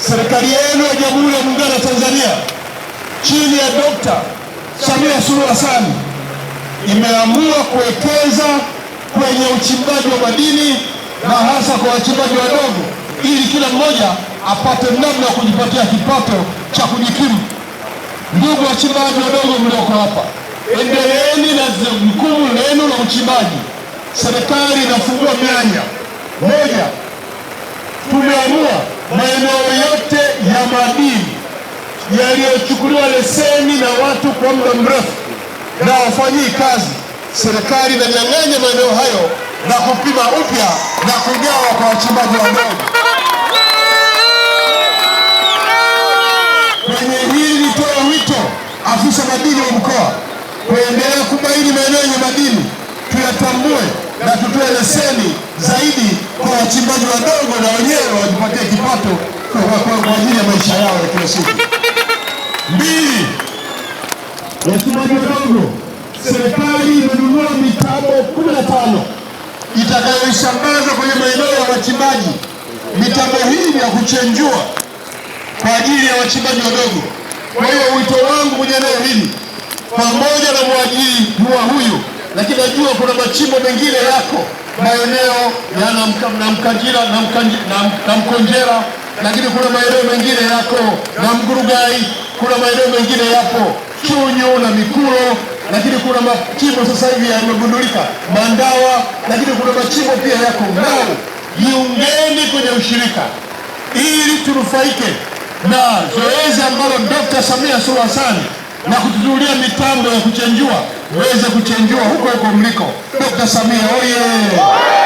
serikali yenu ya Jamhuri ya Muungano wa Tanzania chini ya Dokta Samia Suluhu Hassan imeamua kuwekeza kwenye uchimbaji wa madini na hasa kwa wachimbaji wadogo, ili kila mmoja apate namna ya kujipatia kipato cha kujikimu. Ndugu wachimbaji wadogo mlioko hapa, endeleeni na jukumu lenu la uchimbaji. Serikali inafungua mianya. Moja, tumeamua maeneo yote ya madini yaliyochukuliwa leseni na watu kwa muda mrefu na wafanyii kazi, serikali inanyang'anya maeneo hayo na kupima upya na kugawa kwa wachimbaji wadogo. Kwenye hili nitoa wito afisa madini wa mkoa kuendelea kubaini maeneo yenye madini yatambue na tutoe leseni zaidi kwa wachimbaji wadogo, na wenyewe wajipatie kipato kwa ajili ya maisha yao ya kila siku. Mbili, wachimbaji wadogo, serikali imenunua mitambo kumi na tano itakayoisambaza kwenye maeneo ya wachimbaji. Mitambo hii ni ya kuchenjua kwa ajili ya wachimbaji wadogo. Kwa hiyo wito wangu kwenye eneo hili pamoja na mwajiri huwa huyu lakini najua kuna machimbo mengine yako maeneo ya Namkanjira na na Mkonjera, lakini kuna maeneo mengine yako na Mgurugai, kuna maeneo mengine yapo Chunyu na mikuro lakini kuna machimbo sasa hivi yamegundulika Mandawa, lakini kuna machimbo pia yako Mnau. Jiungeni kwenye ushirika ili tunufaike na zoezi ambalo Dr. Samia Suluhu Hassan na kutuzulia mitambo ya kuchenjua, uweze kuchenjua huko huko mliko. Dr. Samia oye!